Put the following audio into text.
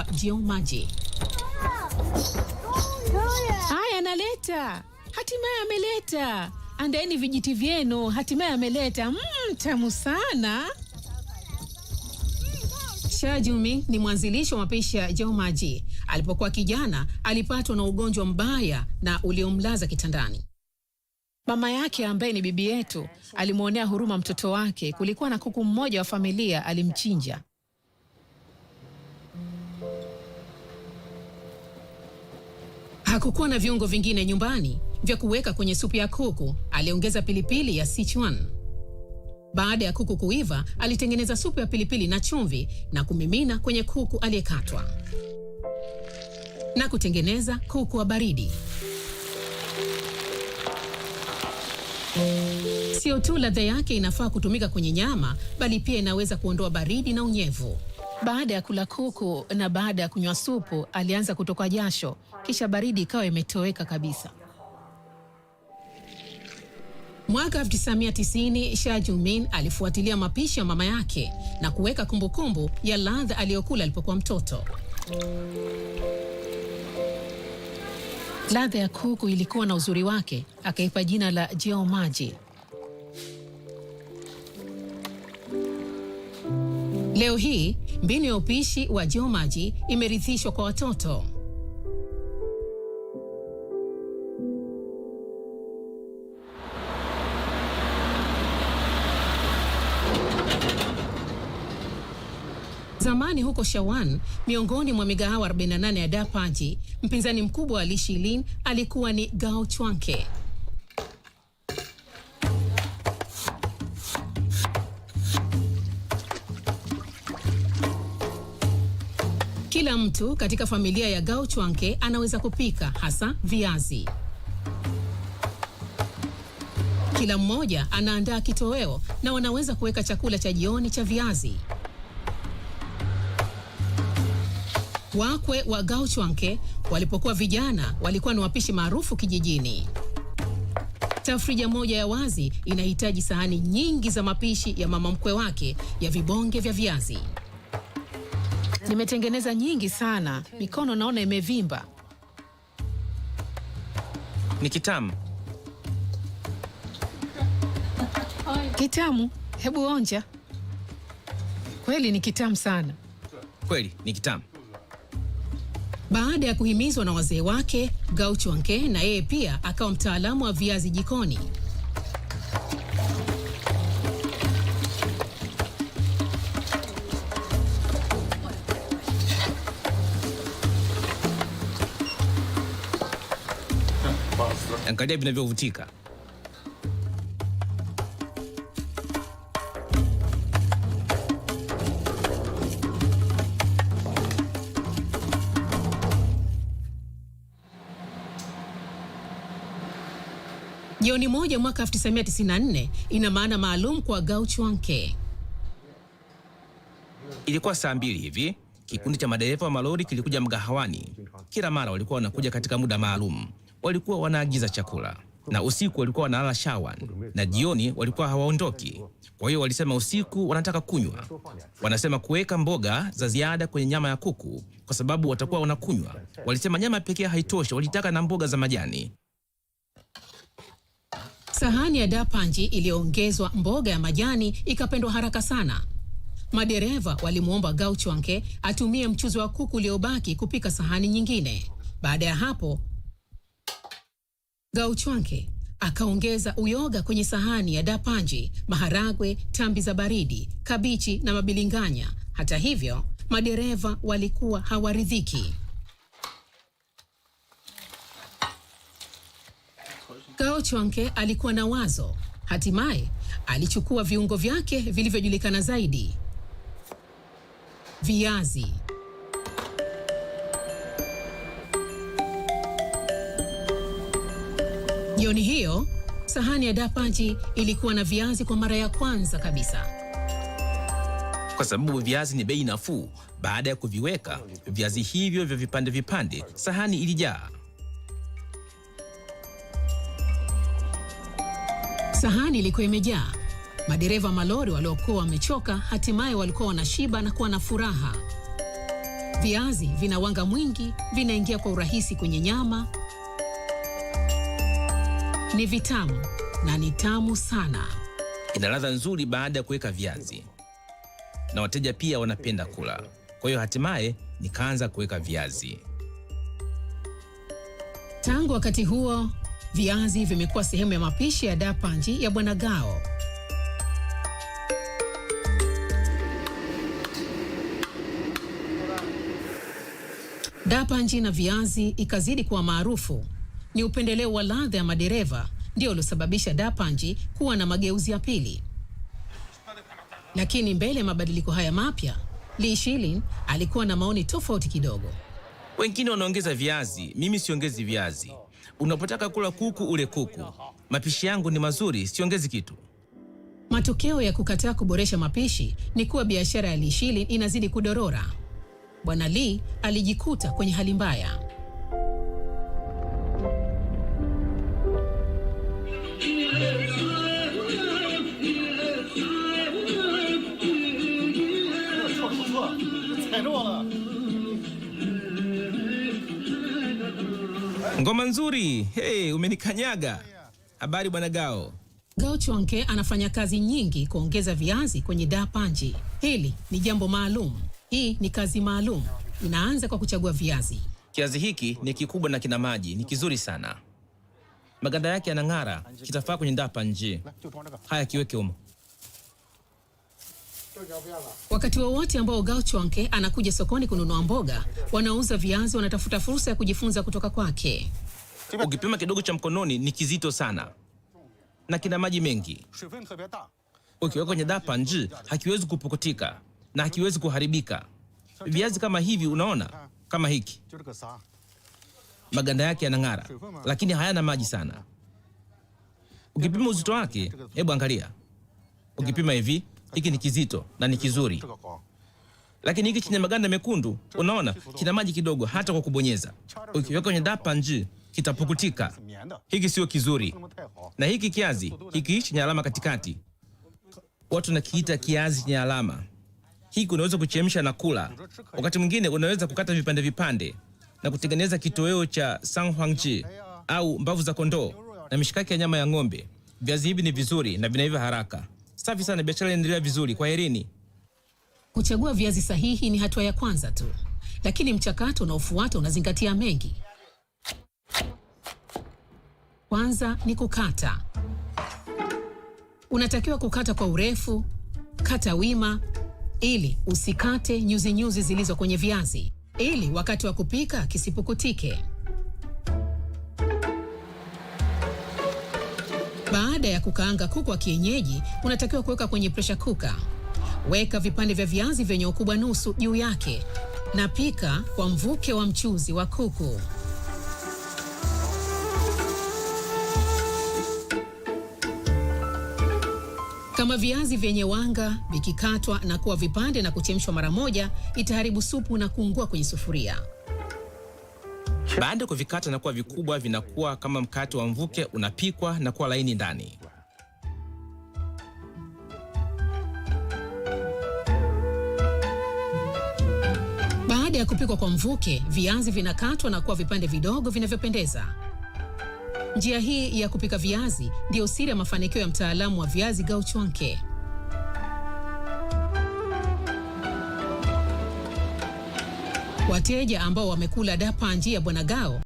anaitwa Dion Maji. Haya, analeta hatimaye, ameleta. Andaeni vijiti vyenu, hatimaye ameleta. Mm, tamu sana. shajumi Jumi ni mwanzilishi wa mapishi ya Dion Maji. Alipokuwa kijana, alipatwa na ugonjwa mbaya na uliomlaza kitandani. Mama yake ambaye ni bibi yetu alimwonea huruma mtoto wake. Kulikuwa na kuku mmoja wa familia, alimchinja. Hakukuwa na viungo vingine nyumbani vya kuweka kwenye supu ya kuku, aliongeza pilipili ya Sichuan. Baada ya kuku kuiva, alitengeneza supu ya pilipili na chumvi na kumimina kwenye kuku aliyekatwa na kutengeneza kuku wa baridi. Sio tu ladha yake inafaa kutumika kwenye nyama, bali pia inaweza kuondoa baridi na unyevu. Baada ya kula kuku na baada ya kunywa supu, alianza kutokwa jasho, kisha baridi ikawa imetoweka kabisa. Mwaka 1990 Shah Jumin alifuatilia mapishi ya mama yake na kuweka kumbukumbu ya ladha aliyokula alipokuwa mtoto. Ladha ya kuku ilikuwa na uzuri wake, akaipa jina la jeo maji. Leo hii mbinu ya upishi wa jiomaji imerithishwa kwa watoto. Zamani huko Shawan, miongoni mwa migahawa 48 ya dapaji mpinzani mkubwa wa lishilin alikuwa ni Gao Chwanke. Kila mtu katika familia ya Gao Chwanke anaweza kupika hasa viazi. Kila mmoja anaandaa kitoweo na wanaweza kuweka chakula cha jioni cha viazi. Wakwe wa Gao Chwanke walipokuwa vijana walikuwa ni wapishi maarufu kijijini. Tafrija moja ya wazi inahitaji sahani nyingi za mapishi ya mama mkwe wake ya vibonge vya viazi. Nimetengeneza nyingi sana, mikono naona imevimba. Ni kitamu kitamu, hebu onja. Kweli ni kitamu sana, kweli ni kitamu. Baada ya kuhimizwa na wazee wake, Gauchwanke na yeye pia akawa mtaalamu wa viazi jikoni. Angalia vinavyovutika. Jioni moja mwaka 1994 ina maana maalum kwa Gaucho Wanke. Ilikuwa saa mbili hivi, kikundi cha madereva wa malori kilikuja mgahawani. Kila mara walikuwa wanakuja katika muda maalum walikuwa wanaagiza chakula na usiku walikuwa wanalala Shawan na jioni walikuwa hawaondoki. Kwa hiyo walisema usiku wanataka kunywa. Wanasema kuweka mboga za ziada kwenye nyama ya kuku kwa sababu watakuwa wanakunywa. Walisema nyama pekee haitoshi, walitaka na mboga za majani. Sahani ya dapanji iliyoongezwa mboga ya majani ikapendwa haraka sana. Madereva walimwomba Gauchwanke atumie mchuzi wa kuku uliobaki kupika sahani nyingine. Baada ya hapo Gauchwanke akaongeza uyoga kwenye sahani ya dapanji, maharagwe, tambi za baridi, kabichi na mabilinganya. Hata hivyo, madereva walikuwa hawaridhiki. Gauchwanke alikuwa na wazo. Hatimaye alichukua viungo vyake vilivyojulikana zaidi, viazi Jioni hiyo sahani ya dapaji ilikuwa na viazi kwa mara ya kwanza kabisa. Kwa sababu viazi ni bei nafuu, baada ya kuviweka viazi hivyo vya vipande vipande, sahani ilijaa. Sahani ilikuwa imejaa. Madereva malori waliokuwa wamechoka hatimaye walikuwa wanashiba na kuwa na furaha. Viazi vina wanga mwingi, vinaingia kwa urahisi kwenye nyama ni vitamu na ni tamu sana. Ina ladha nzuri baada ya kuweka viazi, na wateja pia wanapenda kula. Kwa hiyo hatimaye nikaanza kuweka viazi. Tangu wakati huo viazi vimekuwa sehemu ya mapishi ya Dapanji ya Bwana Gao. Dapanji na viazi ikazidi kuwa maarufu ni upendeleo wa ladha ya madereva ndio uliosababisha Dapanji kuwa na mageuzi ya pili. Lakini mbele ya mabadiliko haya mapya, Li Shilin alikuwa na maoni tofauti kidogo. Wengine wanaongeza viazi, mimi siongezi viazi. Unapotaka kula kuku ule kuku. Mapishi yangu ni mazuri, siongezi kitu. Matokeo ya kukataa kuboresha mapishi ni kuwa biashara ya Li Shilin inazidi kudorora. Bwana Lee alijikuta kwenye hali mbaya. Ngoma nzuri. Hey, umenikanyaga. Habari bwana Gao. Gao Chonke anafanya kazi nyingi kuongeza viazi kwenye daa panji. Hili ni jambo maalum. Hii ni kazi maalum. Inaanza kwa kuchagua viazi. Kiazi hiki ni kikubwa na kina maji, ni kizuri sana. Maganda yake yanang'ara, kitafaa kwenye da panji. Haya, kiweke umo. Wakati wowote ambao Gao Chonke anakuja sokoni kununua mboga, wanaouza viazi wanatafuta fursa ya kujifunza kutoka kwake. Ukipima kidogo cha mkononi ni kizito sana na kina maji mengi, ukiweka kwenye dapa nji hakiwezi kupukutika na hakiwezi kuharibika. Viazi kama hivi, unaona kama hiki, maganda yake yanang'ara, lakini hayana maji sana. Ukipima uzito wake, hebu angalia, ukipima hivi hiki ni kizito na ni kizuri, lakini hiki chenye maganda mekundu, unaona kina maji kidogo, hata kwa kubonyeza. Ukiweka kwenye dapanji kitapukutika. Hiki sio kizuri. Na hiki kiazi hiki chenye alama katikati, watu nakiita kiazi chenye alama. Hiki unaweza kuchemsha na kula. Wakati mwingine unaweza kukata vipande vipande na kutengeneza kitoweo cha sanhuangji au mbavu za kondoo na mishikaki ya nyama ya ng'ombe. Viazi hivi ni vizuri na vinaiva haraka. Safi sana, biashara inaendelea vizuri, kwa herini Kuchagua viazi sahihi ni hatua ya kwanza tu, lakini mchakato unaofuata unazingatia mengi. Kwanza ni kukata. Unatakiwa kukata kwa urefu, kata wima ili usikate nyuzi nyuzi zilizo kwenye viazi, ili wakati wa kupika kisipukutike. Baada ya kukaanga kuku wa kienyeji, unatakiwa kuweka kwenye pressure cooker. Weka vipande vya viazi vyenye ukubwa nusu juu yake na pika kwa mvuke wa mchuzi wa kuku. Kama viazi vyenye wanga vikikatwa na kuwa vipande na kuchemshwa mara moja, itaharibu supu na kuungua kwenye sufuria. Baada ya kuvikata na kuwa vikubwa, vinakuwa kama mkate wa mvuke, unapikwa na kuwa laini ndani. Baada ya kupikwa kwa mvuke, viazi vinakatwa na kuwa vipande vidogo vinavyopendeza. Njia hii ya kupika viazi ndiyo siri ya mafanikio ya mtaalamu wa viazi Gauchwanke. Wateja ambao wamekula dapa njia Bwanagao